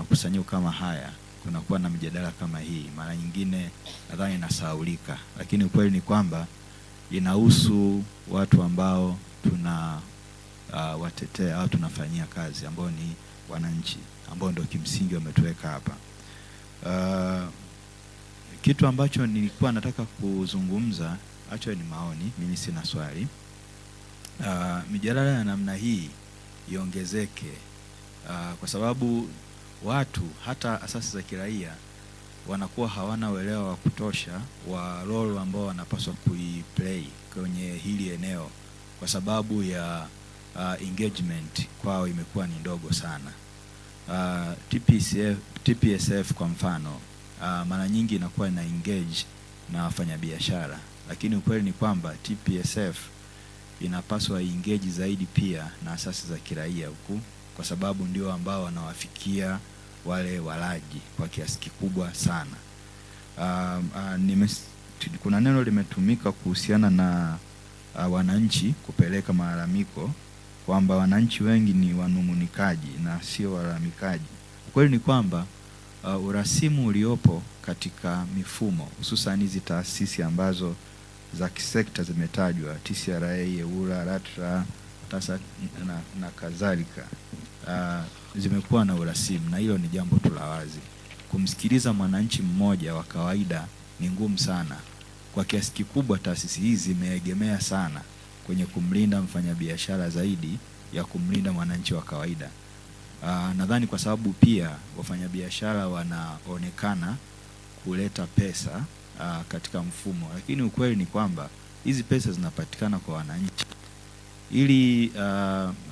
makusanyiko kama haya kunakuwa na mjadala kama hii, mara nyingine nadhani inasahaulika, lakini ukweli ni kwamba inahusu watu ambao tuna uh, watetea au tunafanyia kazi ambao ni wananchi ambao ndio kimsingi wametuweka hapa. Uh, kitu ambacho nilikuwa nataka kuzungumza acho ni maoni, mimi sina swali. Uh, mijadala ya namna hii iongezeke, uh, kwa sababu watu hata asasi za kiraia wanakuwa hawana uelewa wa kutosha wa role ambao wanapaswa kuiplay kwenye hili eneo, kwa sababu ya uh, engagement kwao imekuwa ni ndogo sana. Uh, TPSF, TPSF kwa mfano uh, mara nyingi inakuwa ina engage na wafanyabiashara, lakini ukweli ni kwamba TPSF inapaswa engage zaidi pia na asasi za kiraia huku, kwa sababu ndio ambao wanawafikia wale walaji kwa kiasi kikubwa sana. Um, uh, nime, kuna neno limetumika kuhusiana na uh, wananchi kupeleka malalamiko kwamba wananchi wengi ni wanung'unikaji na sio walalamikaji. Ukweli ni kwamba uh, urasimu uliopo katika mifumo hususan hizi taasisi ambazo za kisekta zimetajwa TCRA, EWURA, LATRA, TASAC na, na kadhalika uh, zimekuwa na urasimu, na hilo ni jambo tu la wazi. Kumsikiliza mwananchi mmoja wa kawaida ni ngumu sana. Kwa kiasi kikubwa, taasisi hizi zimeegemea sana kwenye kumlinda mfanyabiashara zaidi ya kumlinda mwananchi wa kawaida. Uh, nadhani kwa sababu pia wafanyabiashara wanaonekana kuleta pesa uh, katika mfumo, lakini ukweli ni kwamba hizi pesa zinapatikana kwa wananchi ili uh,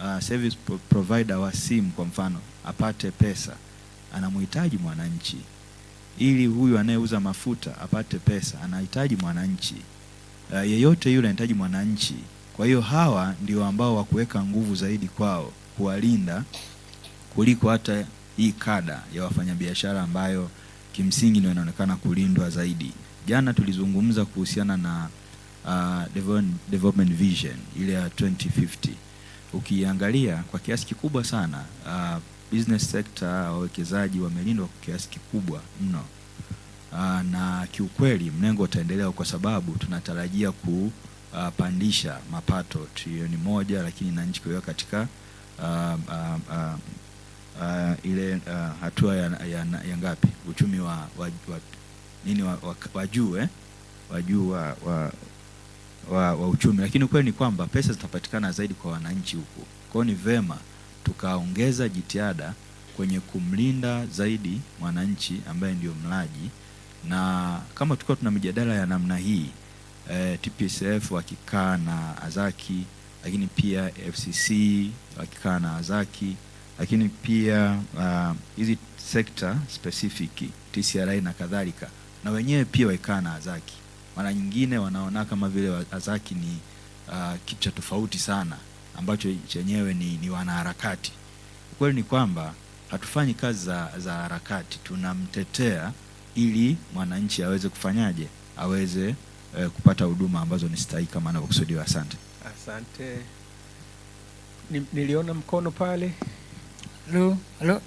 uh, service provider wa simu kwa mfano apate pesa, anamhitaji mwananchi. Ili huyu anayeuza mafuta apate pesa, anahitaji mwananchi. Uh, yeyote yule anahitaji mwananchi. Kwa hiyo hawa ndio ambao wa kuweka nguvu zaidi kwao kuwalinda kuliko hata hii kada ya wafanyabiashara ambayo kimsingi ndio inaonekana kulindwa zaidi. Jana tulizungumza kuhusiana na uh, development vision ile ya 2050 ukiangalia kwa kiasi kikubwa sana uh, business sector wawekezaji wamelindwa kwa kiasi kikubwa mno uh, na kiukweli mlengo utaendelea kwa sababu tunatarajia kupandisha uh, mapato trilioni moja, lakini na nchi kuiweka katika uh, uh, uh, uh, ile uh, hatua ya, ya, ya ngapi uchumi wa, wa, wa, nini wa, wa, wa juu eh? wa juu wa, wa wa, wa uchumi, lakini ukweli ni kwamba pesa zitapatikana zaidi kwa wananchi huko. Kwao ni vema tukaongeza jitihada kwenye kumlinda zaidi mwananchi ambaye ndio mlaji, na kama tukiwa tuna mijadala ya namna hii e, eh, TPSF wakikaa na Azaki, lakini pia FCC wakikaa na Azaki, lakini pia ah, hizi uh, sekta specific TCRA na kadhalika, na wenyewe pia wakikaa na Azaki mara nyingine wanaona kama vile AZAKI ni uh, kitu cha tofauti sana ambacho chenyewe ni, ni wanaharakati. Ukweli ni kwamba hatufanyi kazi za, za harakati, tunamtetea ili mwananchi aweze kufanyaje, aweze eh, kupata huduma ambazo ni stahiki kama anavyokusudiwa. Asante, asante. Niliona mkono pale. Halo, halo.